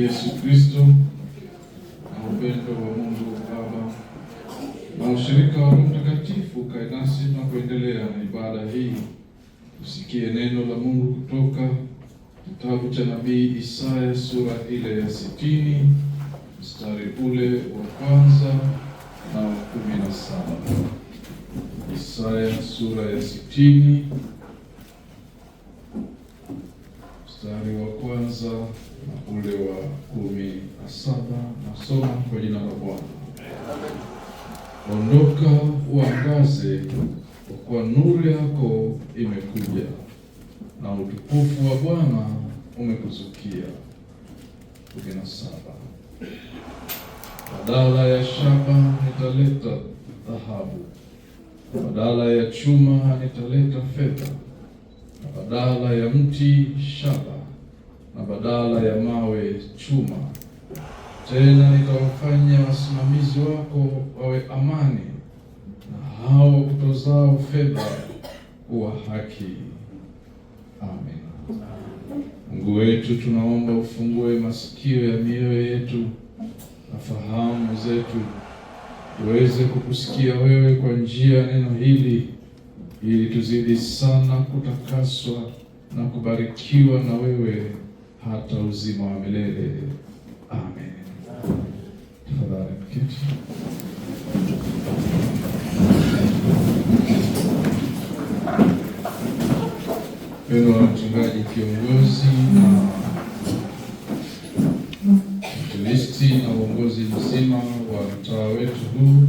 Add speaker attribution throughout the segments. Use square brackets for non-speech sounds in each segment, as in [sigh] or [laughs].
Speaker 1: Yesu Kristo na upendo wa Mungu Baba na ushirika wa Roho Mtakatifu kae nasi na kuendelea na ibada hii. Usikie neno la Mungu kutoka kitabu cha nabii Isaya sura ile ya sitini mstari ule wa kwanza na wa kumi na saba. Isaya sura ya sitini mstari wa kwanza ule wa kumi na saba nasoma kwa jina la Bwana. Ondoka uangaze, kwa kuwa nuru yako imekuja na utukufu wa Bwana umekuzukia. kumi na saba badala ya shaba nitaleta dhahabu, badala ya chuma nitaleta fedha, na badala ya mti shaba na badala ya mawe chuma. Tena nitawafanya wasimamizi wako wawe amani, na hao utozao fedha kuwa haki. Amen. Mungu wetu, tunaomba ufungue masikio ya mioyo yetu na fahamu zetu tuweze kukusikia wewe kwa njia ya neno hili, ili tuzidi sana kutakaswa na kubarikiwa na wewe hata uzima wa milele amen. Tafadhali mketi. Mpendwa wa mchungaji kiongozi na mtumishi na uongozi mzima wa mtaa wetu huu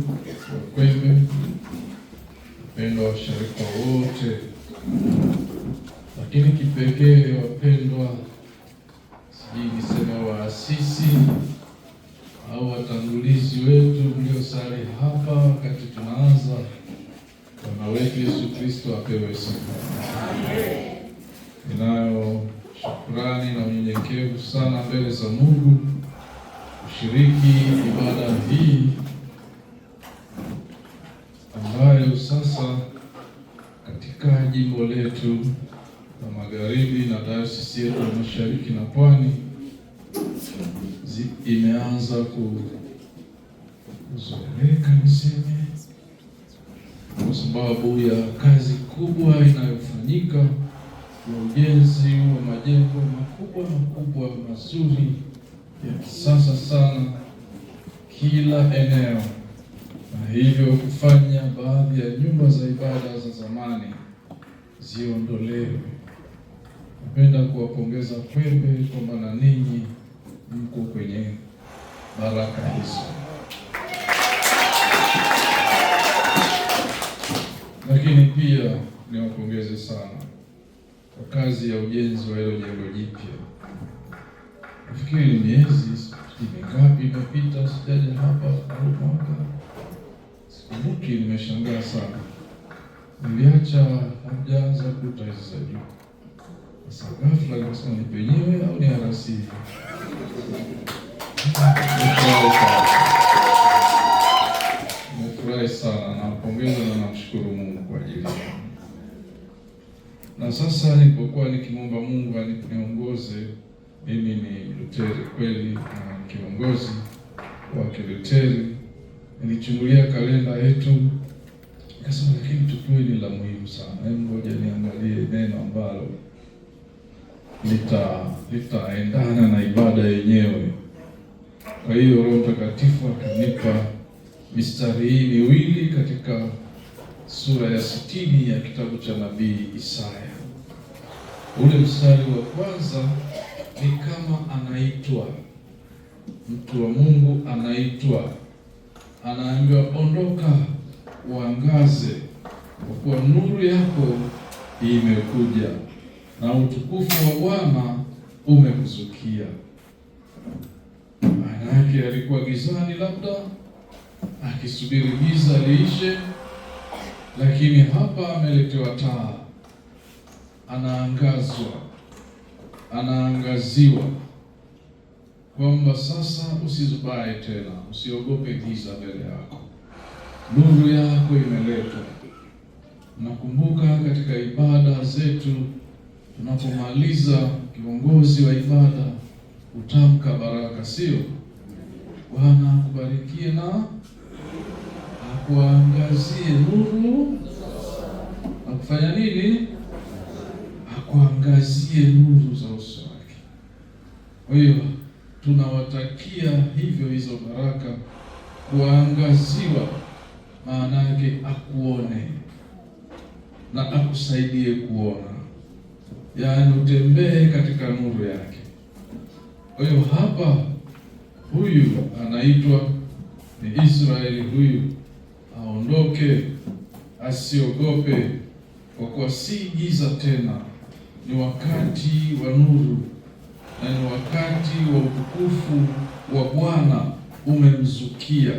Speaker 1: wa Kwembe, mpendwa washirika wote, lakini kipekee wapendwa imeanza kuzoeleka niseme, kwa sababu ya kazi kubwa inayofanyika ya ujenzi wa majengo makubwa makubwa mazuri ya kisasa sana kila eneo, na hivyo kufanya baadhi ya nyumba za ibada za zamani ziondolewe. Napenda kuwapongeza kwembe kwamba na ninyi mko kwenye baraka hizo. Lakini pia niwapongeze sana kwa kazi ya ujenzi wa hilo jengo jipya. Nafikiri miezi mingapi imepita, sijaja hapa au mwaka, sikumbuki. Nimeshangaa sana, niliacha hamjaanza kuta hizi za juu sakafu na lazima ni penyewe au ni harasi nafurahi sana, nampongeza na namshukuru Mungu kwa ajili na sasa nilipokuwa nikimwomba Mungu aniongoze, mimi ni Luteri kweli na kiongozi wa Kiluteri, nilichungulia kalenda yetu nikasema, lakini tukio ni la muhimu sana, ngoja niangalie neno ambalo litaendana na ibada yenyewe. Kwa hiyo Roho Mtakatifu akanipa mistari hii miwili katika sura ya sitini ya kitabu cha nabii Isaya. Ule mstari wa kwanza ni kama anaitwa mtu wa Mungu, anaitwa anaambiwa, ondoka uangaze, kwa kuwa nuru yako imekuja na utukufu wa Bwana umemzukia. Maana yake alikuwa gizani, labda akisubiri giza liishe, lakini hapa ameletewa taa, anaangazwa, anaangaziwa kwamba sasa usizubae tena, usiogope giza mbele yako, nuru yako imeletwa. Nakumbuka katika ibada zetu Tunapomaliza kiongozi wa ibada kutamka baraka, sio? Bwana akubarikie na akuangazie nuru, akufanya nini? Akuangazie nuru za uso wake. Kwa hiyo tunawatakia hivyo hizo baraka, kuangaziwa maana yake akuone na akusaidie kuona yaani utembee katika nuru yake. Kwa hiyo hapa huyu anaitwa ni Israeli, huyu aondoke, asiogope, kwa kuwa si giza tena, ni wakati wa nuru na ni wakati wa utukufu wa Bwana umemzukia,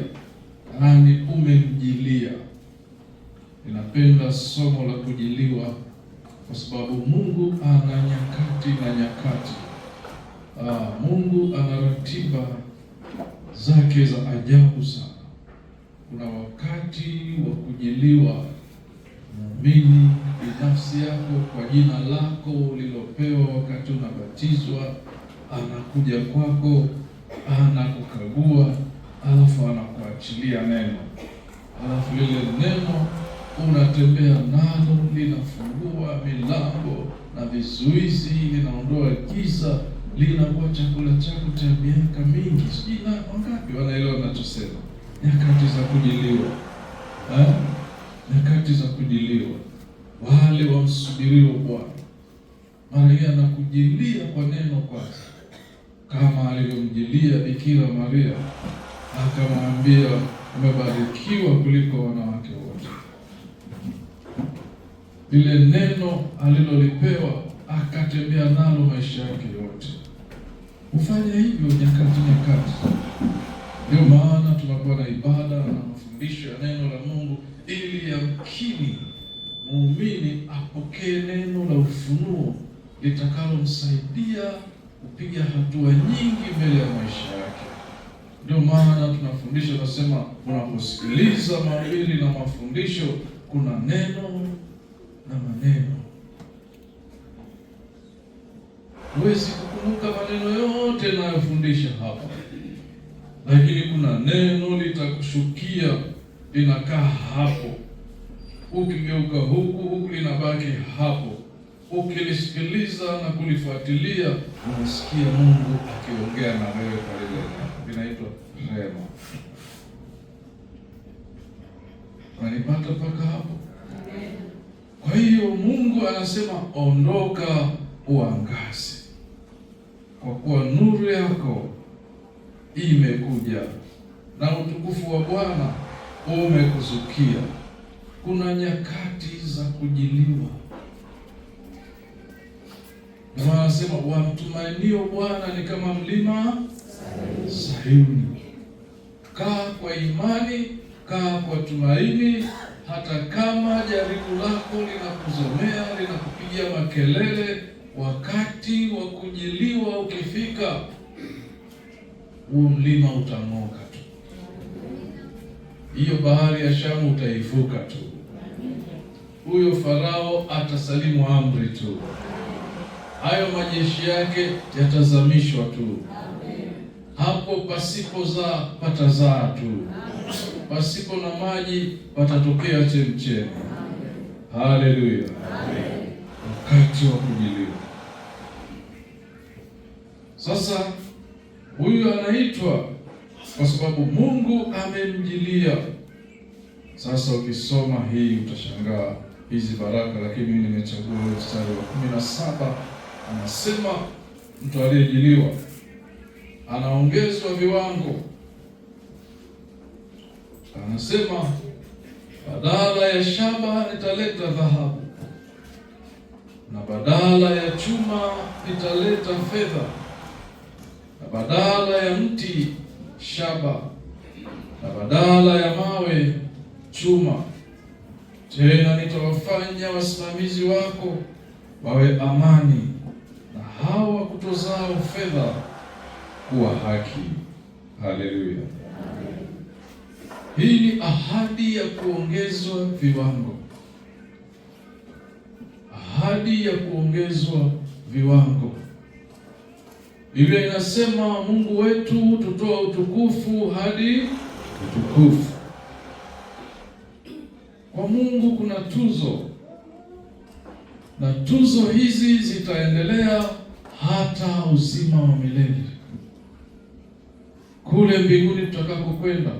Speaker 1: yaani umemjilia. Ninapenda somo la kujiliwa kwa sababu Mungu ana nyakati na nyakati. Aa, ah, Mungu ana ratiba zake za ajabu sana. Kuna wakati wa kujiliwa muumini binafsi yako kwa jina lako ulilopewa wakati unabatizwa, anakuja kwako, anakukagua, alafu anakuachilia neno, alafu lile neno unatembea nalo, linafungua milango na vizuizi, linaondoa giza, linakuwa chakula chako cha miaka mingi. Sijui na wangapi wanaelewa nachosema, nyakati za kujiliwa ha? nyakati za kujiliwa, wale wamsubirio Bwana Maria anakujilia kwa neno kwanza, kama alivyomjilia Bikira Maria akamwambia, umebarikiwa kuliko wanawake wote lile neno alilolipewa akatembea nalo maisha yake yote. Hufanya hivyo nyakati nyakati. Ndio maana tunakuwa na ibada na mafundisho ya neno la Mungu ili yamkini muumini apokee neno la ufunuo litakalomsaidia kupiga hatua nyingi mbele ya maisha yake. Ndio maana tunafundisha, nasema unaposikiliza mahubiri na mafundisho, kuna neno na maneno. Huwezi kukumbuka maneno yote nayofundisha hapa, lakini kuna neno litakushukia, linakaa hapo. Ukigeuka huku huku, linabaki hapo. Ukilisikiliza na kulifuatilia, unasikia Mungu akiongea na wewe kwa lile neno. Linaitwa rema. Unanipata mpaka hapo? Kwa hiyo Mungu anasema ondoka, uangaze, kwa kuwa nuru yako imekuja na utukufu wa Bwana umekuzukia. Kuna nyakati za kujiliwa, na anasema wamtumainio Bwana ni kama mlima
Speaker 2: Sayuni.
Speaker 1: Kaa kwa imani kaa kwa tumaini, hata kama jaribu lako linakuzomea linakupigia makelele. Wakati wa kujiliwa ukifika, huu mlima utang'oka tu, hiyo bahari ya Shamu utaivuka tu, huyo Farao atasalimu amri tu, hayo majeshi yake yatazamishwa tu hapo, pasipo za patazaa tu pasipo na maji patatokea chemchemi. Haleluya! Wakati wa kujiliwa sasa, huyu anaitwa kwa sababu Mungu amemjilia. Sasa ukisoma hii utashangaa hizi baraka, lakini mimi nimechagua mstari wa kumi na saba anasema mtu aliyejiliwa anaongezwa viwango anasema badala ya shaba nitaleta dhahabu na badala ya chuma nitaleta fedha na badala ya mti shaba na badala ya mawe chuma. Tena nitawafanya wasimamizi wako wawe amani na hawa kutozao fedha kuwa haki. Haleluya. Hii ni ahadi ya kuongezwa viwango, ahadi ya kuongezwa viwango. Biblia inasema Mungu wetu tutoa utukufu hadi utukufu. Kwa Mungu kuna tuzo, na tuzo hizi zitaendelea hata uzima wa milele kule mbinguni tutakapokwenda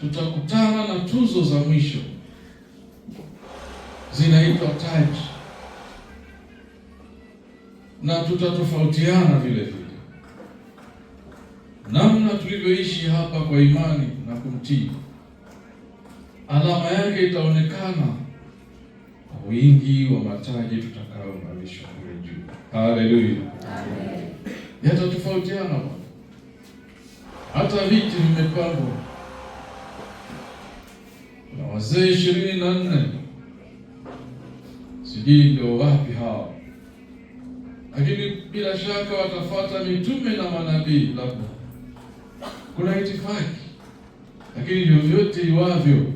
Speaker 1: tutakutana na tuzo za mwisho, zinaitwa taji, na tutatofautiana vile vile namna tulivyoishi hapa kwa imani na kumtii. Alama yake itaonekana kwa wingi wa mataji tutakayovalishwa kule juu. Haleluya, yatatofautiana. Hata viti vimepangwa wazee ishirini na nne sijui ndio wapi hao, lakini bila shaka watafata mitume na manabii, labda kuna itifaki. Lakini vyovyote iwavyo,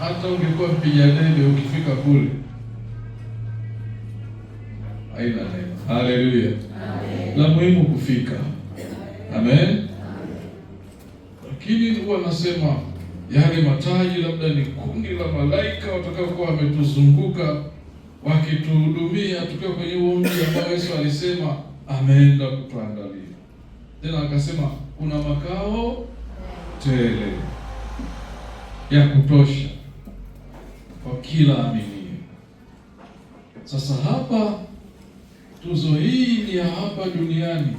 Speaker 1: hata ungekuwa mpiga debe, ukifika kule haina neno. Haleluya! La muhimu kufika. Amen, amen. Lakini huwa nasema yale yaani mataji labda ni kundi la malaika watakaokuwa wametuzunguka wakituhudumia tukiwa kwenye huo mji ambao Yesu alisema ameenda kutuandalia. Tena akasema kuna makao tele ya kutosha kwa kila aminie. Sasa hapa tuzo hii ni ya hapa duniani.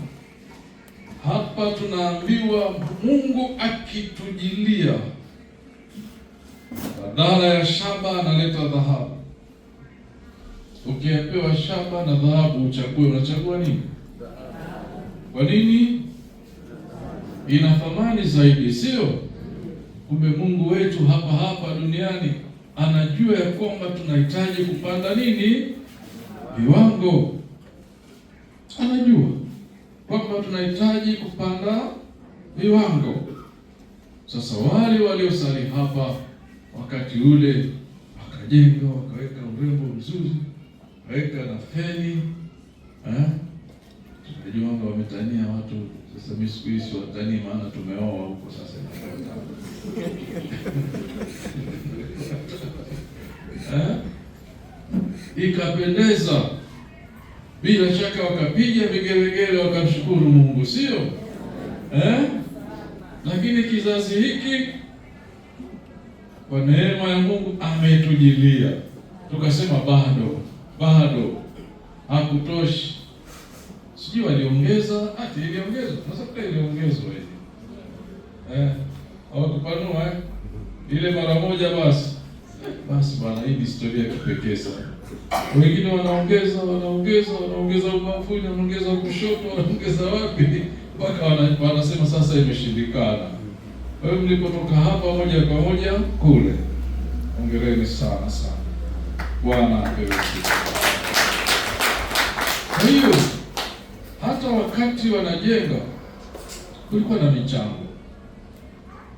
Speaker 1: Hapa tunaambiwa Mungu akitujilia badala ya shaba analeta dhahabu. Ukiambiwa shaba na dhahabu uchague, unachagua nini? Kwa nini? Ina thamani zaidi, sio? Kumbe Mungu wetu hapa hapa duniani anajua ya kwamba tunahitaji kupanda nini, viwango. Anajua kwamba tunahitaji kupanda viwango. Sasa wale waliosali hapa wakati ule akajenga, wakaweka urembo mzuri, akaweka na feni. Tunajua eh? wametania watu sasa, mimi siku hizi watani, maana tumeoa huko sasa [laughs] eh? ikapendeza bila shaka, wakapiga vigelegele wakamshukuru Mungu, sio eh? Lakini kizazi hiki kwa neema ya Mungu ametujilia, tukasema bado bado hakutoshi. Sijui waliongeza ati iliongezwa, nasakuta iliongezwa ile eh, hawakupanua eh, ile mara moja basi basi. Bwana, hii historia ya kipekee sana. Wengine wanaongeza wanaongeza wanaongeza ubavuni, wanaongeza kushoto, wanaongeza wapi, mpaka wanasema sasa imeshindikana wewe mlipotoka hapa moja kwa moja kule. ongereni sana sana, Bwana apewe sifa. Kwa hiyo hata wakati wanajenga kulikuwa na michango,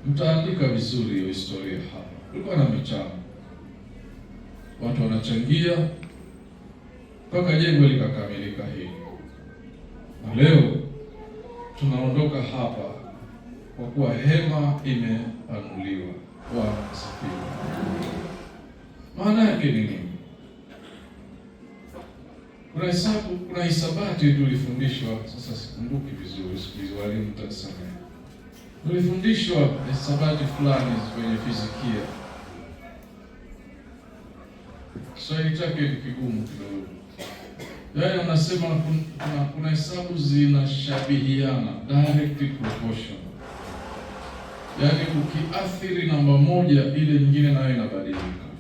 Speaker 1: mtaandika vizuri hiyo historia hapa. Kulikuwa na michango, watu wanachangia mpaka jengo likakamilika hili, na leo tunaondoka hapa kwa kuwa hema imeanuliwa kwa asifiwe. Maana yake ni nini? Kuna hesabu, kuna hisabati tulifundishwa, sasa sikumbuki vizuri siku hizi, walimu mtanisamehe. Tulifundishwa hisabati fulani kwenye fizikia, Kiswahili chake ni kigumu kidogo. Yaani anasema kuna hesabu zinashabihiana, direct proportion Yaani ukiathiri namba moja, ile nyingine nayo inabadilika.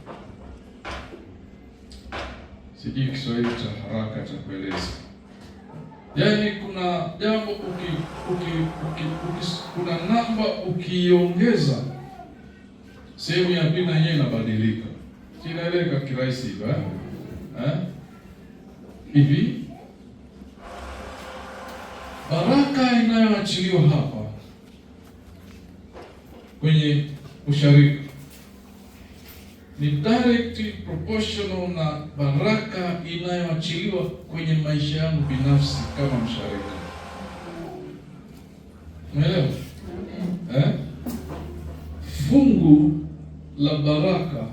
Speaker 1: Sijui Kiswahili cha haraka cha kueleza. Yaani kuna jambo uki, uki, uki, uki, kuna namba ukiiongeza sehemu ya pili na yenyewe inabadilika. Inaeleweka kirahisi hivyo eh? eh? Hivi baraka inayoachiliwa hapa kwenye ushariki ni direct proportional na baraka inayoachiliwa kwenye maisha yangu binafsi kama msharika. Umeelewa? Eh? Fungu la baraka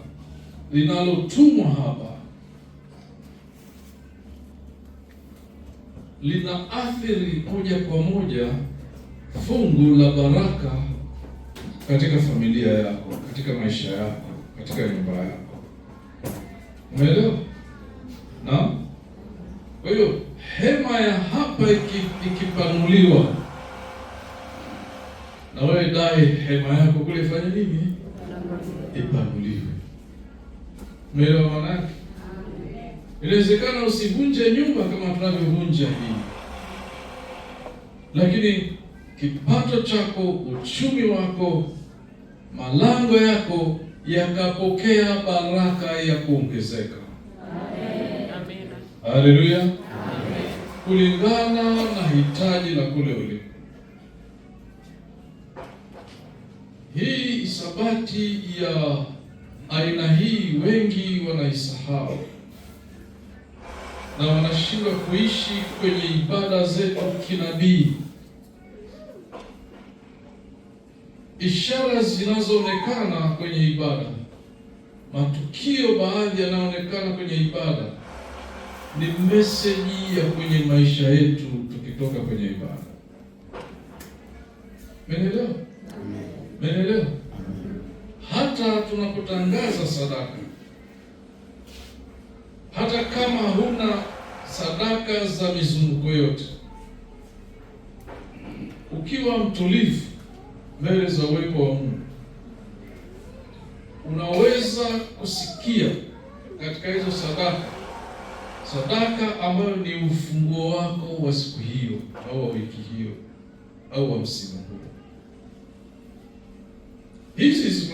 Speaker 1: linalotumwa hapa linaathiri moja kwa moja fungu la baraka katika familia yako, katika maisha yako, katika nyumba yako. Umeelewa? Na Kwa hiyo hema ya hapa ikipanuliwa, na wewe dai hema yako kule, fanya nini? Ipanuliwe. Umeelewa maana yake? Inawezekana usivunje nyumba kama tunavyovunja hii, lakini kipato chako, uchumi wako, malango yako yakapokea baraka ya kuongezeka. Haleluya. Kulingana na hitaji la kule ulipo. Hii sabati ya aina hii wengi wanaisahau na wanashindwa kuishi kwenye ibada zetu kinabii. ishara zinazoonekana kwenye ibada, matukio baadhi yanayoonekana kwenye ibada ni meseji ya kwenye maisha yetu tukitoka kwenye ibada. Menelewa? Menelewa? Hata tunapotangaza sadaka, hata kama huna sadaka za mizunguko yote, ukiwa mtulivu mbele za uwepo wa Mungu. Unaweza kusikia katika hizo sadaka, sadaka ambayo ni ufunguo wako wa siku hiyo au wa wiki hiyo au wa msimu huo, hizi hizi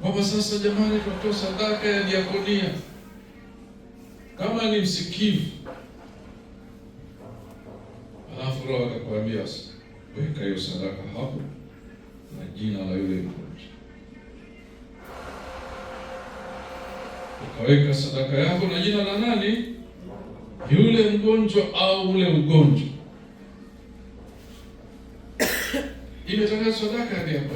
Speaker 1: kwamba sasa, jamani, tunatoa sadaka ya diakonia. Kama ni msikivu Alafu Roho akakwambia weka hiyo sadaka hapo na jina la yule mgonjwa. Ukaweka sadaka yako na jina la nani? Yule mgonjwa au ule ugonjwa. Imetangazwa sadaka yake hapo.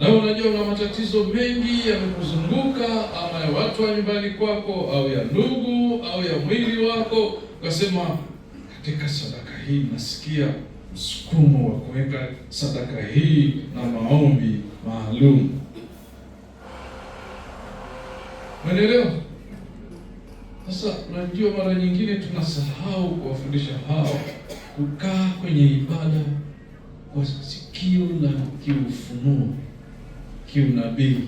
Speaker 1: Na unajua una matatizo mengi yamekuzunguka, ama ya watu wa nyumbani kwako, au ya ndugu, au ya mwili wako, ukasema katika sadaka hii nasikia msukumo wa kuweka sadaka hii na maombi maalum. Unaelewa? Sasa unajua, mara nyingine tunasahau kuwafundisha hao kukaa kwenye ibada kwa sikio la kiufunuo, kiunabii.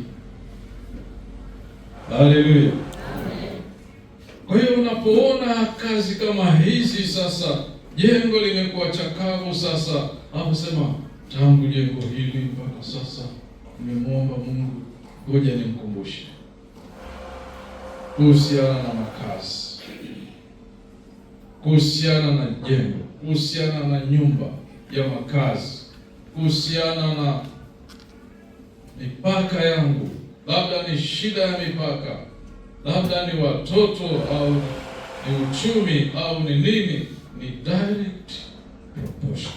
Speaker 1: Haleluya! Kwa hiyo unapoona kazi kama hizi sasa, jengo limekuwa chakavu sasa, au sema tangu jengo hili mpaka sasa nimemwomba Mungu, ngoja nimkumbushe kuhusiana na makazi, kuhusiana na jengo, kuhusiana na nyumba ya makazi, kuhusiana na mipaka yangu, labda ni shida ya mipaka labda ni watoto au ni uchumi au ni nini, ni direct proportion.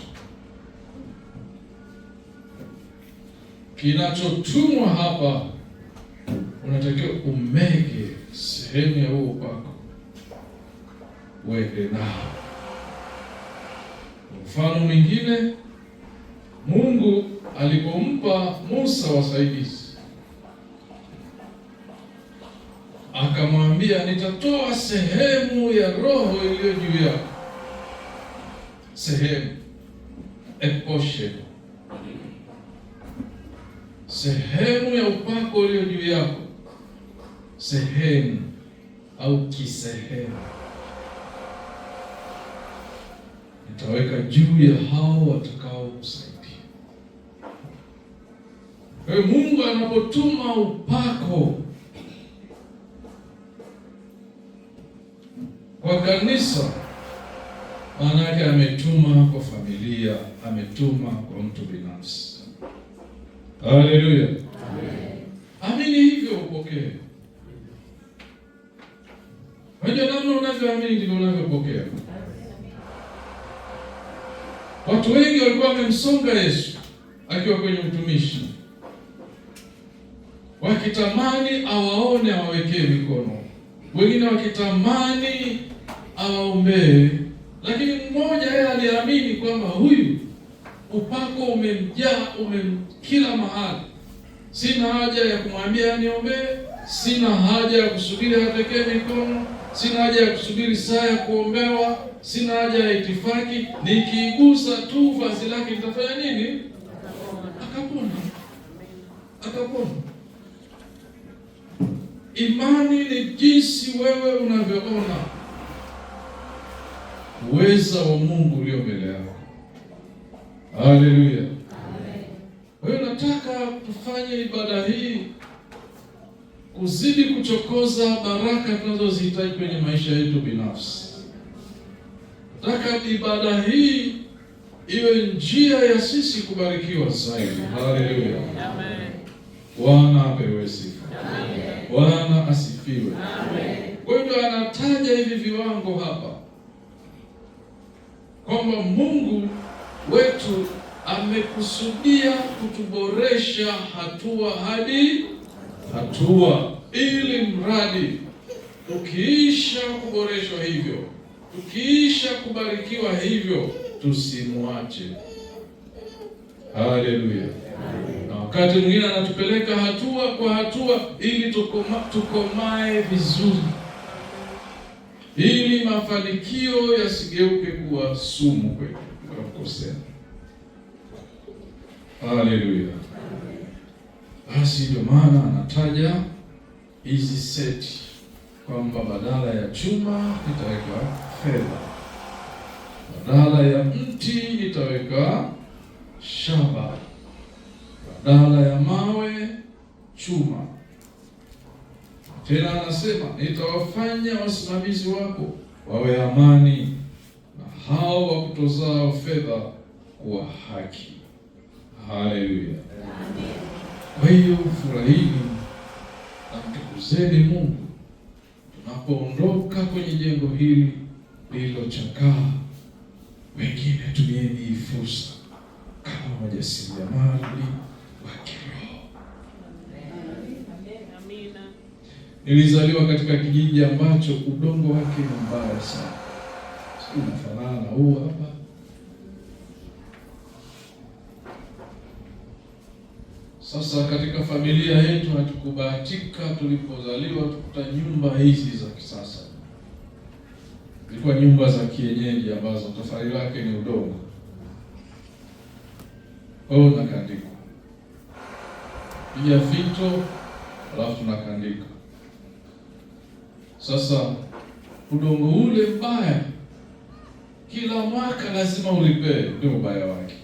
Speaker 1: Kinachotumwa hapa, unatakiwa umege sehemu ya huo kwako uende nao. Mfano mwingine, Mungu alipompa Musa wasaidizi akamwambia, nitatoa sehemu ya roho iliyo juu yako, sehemu a portion, sehemu ya upako iliyo juu yako, sehemu au kisehemu nitaweka juu ya hao watakaokusaidia. Mungu anapotuma upako kwa kanisa, maana yake ametuma kwa familia, ametuma kwa mtu binafsi. Haleluya, amini hivyo, upokee. Unajua, namna unavyoamini ndivyo unavyopokea. Watu wengi walikuwa wamemsonga Yesu akiwa kwenye utumishi, wakitamani awaone awawekee mikono, wengine wakitamani aombe. lakini mmoja yeye aliamini kwamba huyu upako umemjaa, umem kila mahali, sina haja ya kumwambia aniombee, sina haja ya kusubiri atekee mikono, sina haja ya kusubiri saa ya kuombewa, sina haja ya itifaki, nikiigusa tu vazi lake nitafanya nini? Akapona, akapona. Imani ni jinsi wewe unavyoona uweza wa Mungu ulio mbele yako. Haleluya! Kwa hiyo nataka tufanye ibada hii kuzidi kuchokoza baraka tunazozihitaji kwenye maisha yetu binafsi. Nataka ibada hii iwe njia ya sisi kubarikiwa zaidi. Haleluya! Bwana apewe sifa, Bwana asifiwe. Kwa hiyo anataja hivi viwango hapa kwamba Mungu wetu amekusudia kutuboresha hatua hadi hatua, ili mradi tukiisha kuboreshwa hivyo, tukiisha kubarikiwa hivyo, tusimwache. Haleluya! Na wakati mwingine anatupeleka hatua kwa hatua, ili tukomae vizuri ili mafanikio yasigeuke kuwa sumu kwetu tukamkosea. Haleluya! Basi ndio maana anataja hizi seti kwamba badala ya chuma nitaweka fedha, badala ya mti nitaweka shaba, badala ya mawe chuma tena anasema nitawafanya wasimamizi wako wawe amani, na hao kutozao fedha kuwa haki. Haleluya! Kwa hiyo furahini na mtukuzeni Mungu tunapoondoka kwenye jengo hili lililochakaa. Wengine tumieni hii fursa kama wajasiriamali wa kiroho Nilizaliwa katika kijiji ambacho udongo wake ni mbaya sana, unafanana na huu hapa. Sasa katika familia yetu hatukubahatika, tulipozaliwa tukuta nyumba hizi za kisasa, zilikuwa nyumba za kienyeji ambazo tofali lake ni udongo kwao, nakandikwa pija vito alafu tunakandika sasa udongo ule mbaya kila mwaka lazima ulipee, ndio ubaya wake,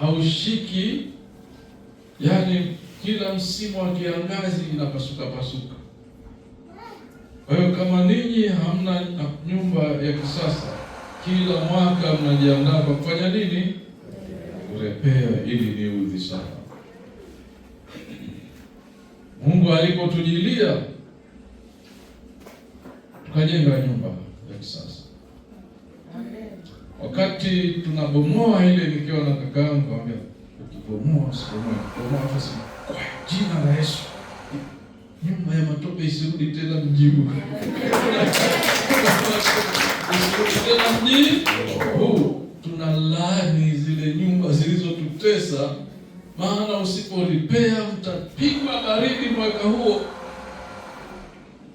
Speaker 1: haushiki. Yani kila msimu wa kiangazi inapasuka pasuka. Kwa hiyo kama ninyi hamna nyumba ya kisasa, kila mwaka mnajiandaa kwa kufanya nini? Kurepea ili udhi sana Mungu alipotujilia tukajenga nyumba ya kisasa. Wakati tunabomoa ile, nikiwa na kakaangu ambia, ukibomoa usibomoe, bomoa fasi kwa jina la Yesu, nyumba ya matope isirudi tena mjibu isirudi tena mji huu. zile nyumba zilizotutesa, maana usipolipea mtapigwa baridi mwaka huo.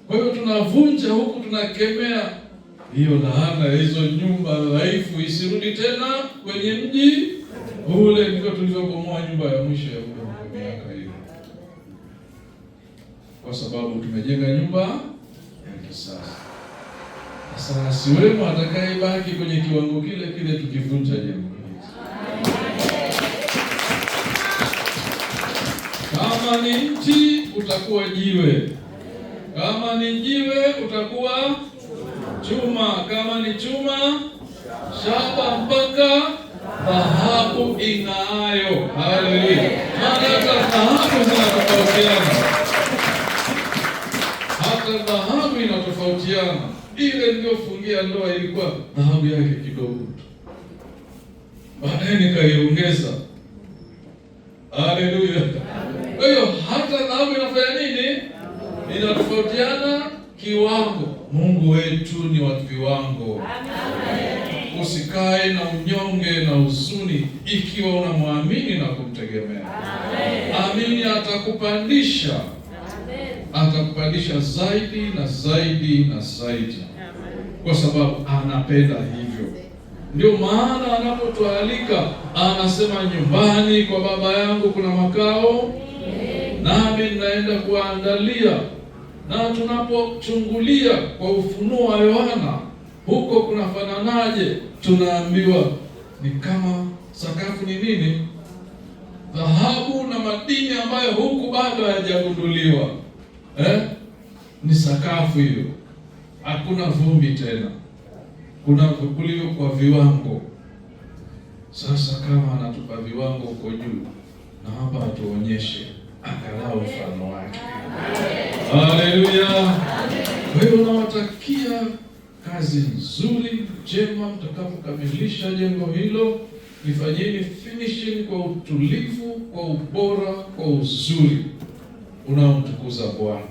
Speaker 1: Kwa hiyo tunavunja huko tunakemea hiyo laana, hizo nyumba dhaifu isirudi tena kwenye mji ule. ndio tulivyobomoa nyumba ya mwisho ya ule miaka hiyo, kwa sababu tumejenga nyumba ya kisasa. Sasa asiwemo atakayebaki kwenye kiwango kile kile tukivunja jengo kama ni mti utakuwa jiwe. Kama ni jiwe utakuwa chuma, kama ni chuma shaba mpaka dhahabu ing'aayo. Haleluya! Maana hata dhahabu zinatofautiana, hata dhahabu inatofautiana. Ile niliyofungia ndoa ilikuwa dhahabu yake kidogo tu, baadaye nikaiongeza. Haleluya! Kwa hiyo hata dhahabu inafanya nini? inatofautiana kiwango. Mungu wetu ni wa viwango. Amen. Usikae na unyonge na huzuni ikiwa unamwamini na kumtegemea. Amen. Amini atakupandisha. Amen. Atakupandisha zaidi na zaidi na zaidi, kwa sababu anapenda hivyo. Ndio maana anapotualika anasema, nyumbani kwa Baba yangu kuna makao, nami naenda kuandalia na tunapochungulia kwa ufunuo wa Yohana huko kunafananaje? Tunaambiwa ni kama sakafu ni nini? Dhahabu na madini ambayo huku bado hayajagunduliwa eh? Ni sakafu hiyo, hakuna vumbi tena, kuna kuliyo kwa viwango. Sasa kama anatupa viwango huko juu, na hapa atuonyeshe angalau mfano wake. Haleluya! Kwa hiyo unawatakia kazi nzuri njema, mtakapokamilisha jengo hilo lifanyeni finishing kwa utulivu, kwa ubora, kwa uzuri unaomtukuza Bwana.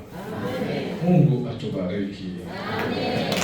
Speaker 1: Mungu atubariki. Amen.